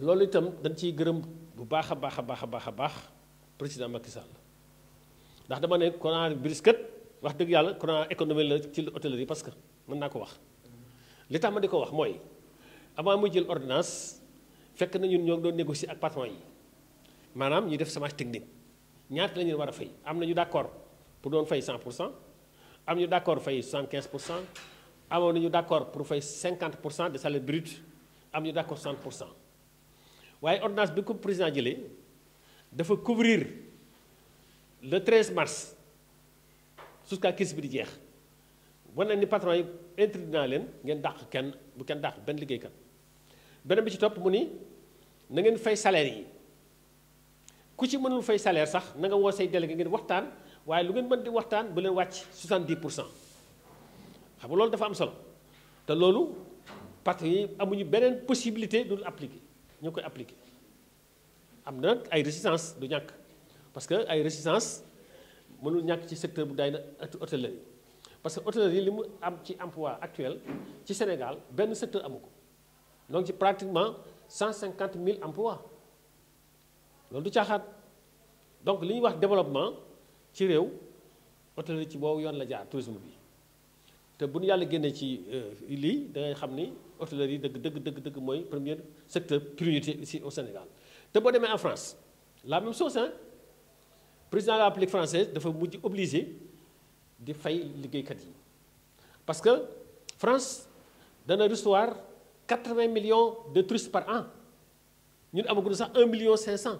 loolu itam dañ ciy gërëm bu baax a baax a baax a baax a baax président Macky Sall ndax dama ne coronavirus kat wax dëgg yàlla corona économie la ci hôtellerie parce que mën naa ko wax li tax ma di ko wax mooy avant mu jël ordinance fekk nañu ñoo ngi doon négocier ak patron yi maanaam ñu def chômage technique ñaata la ñu war a fay am nañu ñu d'accord pour doon fay cent pour cent am ñu d'accord fay 75 pour cent amoon nañu d'accord pour fay 50 pour cent de salaire brut am ñu d'accord 60 pour cent waaye ordonnance bi ko président jëlee dafa couvrir le 13 mars jusqu'à crise bi di jeex wane ni patron yi interdit naa leen ngeen dàq kenn bu kenn dàq benn liggéeykat beneen bi ci topp mu na ngeen fay salaire yi ku ci mënul fay salaire sax na nga woo say délégué ngeen waxtaan waaye lu ngeen mën di waxtaan bu leen wàcc 70 pour cent xam nga loolu dafa am solo te loolu qu'il y a une possibilité d'appliquer. appliquer ñu appliquer am résistance Parce qu'il parce que ay résistance dans le secteur bu l'hôtellerie. parce que l'hôtellerie, li mu am ci emploi actuel ci Sénégal secteur Donc, il donc a pratiquement 150 000 emplois C'est du caaxaat donc li développement ci réew hôtellerie ci yoon la jaar tourisme si vous ñu yàlla ci euh, lii da ngay xam ni hôtellerie dëgg dëgg premier secteur priorité ici au Sénégal te boo demee en France la même chose hein président de la République française dafa mujj obligé di fay liggéeykat yi parce que France dana recevoir 80 millions de touristes par an ñun amaguñu sax 1 million 500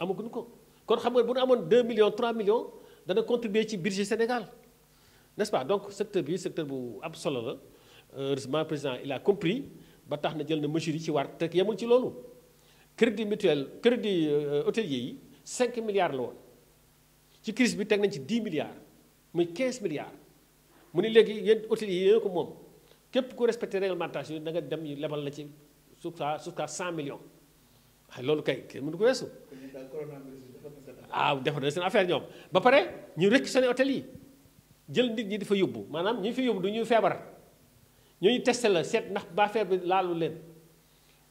amaguñu ko kon xam nga 2 millions 3 millions dana contribuer ci budget Sénégal n'est-ce pas donc secteur bi secteur bu am solo la heureusement président il a compris ba tax na jël na mesures ci war te yamul ci lolu. crédit mutuel crédit euh, hôtelier yi 5 milliards la won. ci crise bi tek nañ ci 10 milliards muy 15 milliards mu ni léegi yéen hôteliers yéen ko mom. képp ku respecté réglementation da nga dem ñu lebal la ci jusqu'à jusqu'à 100 millions waaye lolu kay kenn mënu ko weesu. ah defar na seen affaire ñom. ba paré ñu réquisitionné hôtel yi. jël nit ñi dafa yóbbu maanaam ñu fi yóbbu du ñuy feebar ñooñu teste la seet ndax baa feebar bi laalu leen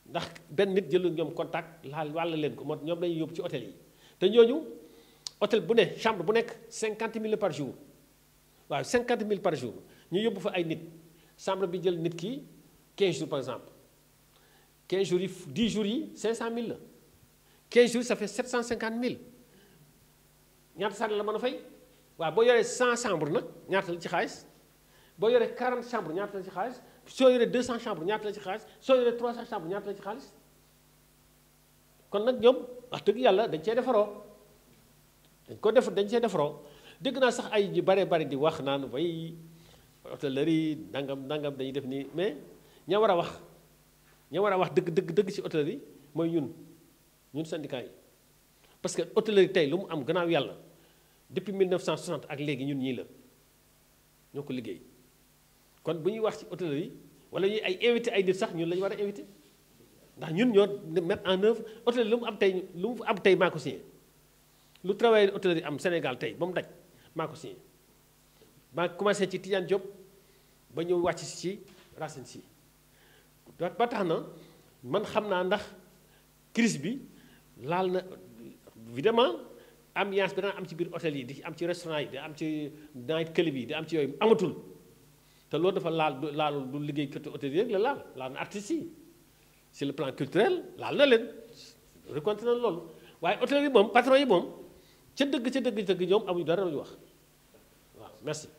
ndax benn nit jëlu ñoom contact laal wàll leen ko moo ñoom dañuy yóbbu ci hôtel yi te ñooñu hôtel bu ne chambre bu nekk cinquante mille par jour waaw cinquante mille par jour ñu yóbbu fa ay nit chambre bi jël nit ki quinze jours par exemple quinze jour yi dix jours yi cinq cent mille la quinze jours ça cent cinquante mille ñaata sànni la mën a fay waaw boo yoree 100 chambre nag ñaata la ci xaalis boo yore 40 chambre ñaata la ci xaalis soo yoree 200 chambre ñaata la ci xaalis soo yoree 300 chambre ñaata la ci xaalis kon nag ñoom wax dëgg yàlla dañ cee defaroo dañ ko def dañ see defaroo dëgg naa sax ay ñu bare bari di wax naan way hôtellerie nangam nangam dañuy def nii mais ña war a wax ña war a wax dëgg dëgg dëgg ci hôtellerie mooy ñun ñun syndicat yi parce que hôtellerie tey lu mu am gannaaw yàlla depuis 1960 ak léegi ñun ñii la ñoo ko liggéey kon bu ñuy wax ci hôtellerie wala ñuy ay invité ay nit sax ñun lañu war a invité ndax ñun ñoo mettre en œuvre hôtellerie lu mu am tey lu mu am tey maa ko signé lu travail hôtellerie am Sénégal tey ba mu daj maa ko signé maa commencé ci Tidiane Diop ba ñëw wàcc si ci Racine si ba tax na man xam naa ndax crise bi laal na évidemment ambiance bi dana am ci biir hôtel yi di am ci restaurant yi di am ci night club yi di am ci yooyu amatul te loolu dafa laal laalul du liggéey kërte hôtel yi rek la laal laal na artiste yi si le plan culturel laal na leen reconte na loolu waaye hôtel yi moom patron yi moom ca dëgg ca dëgg dëgg ñoom amuñu dara lu wax waaw merci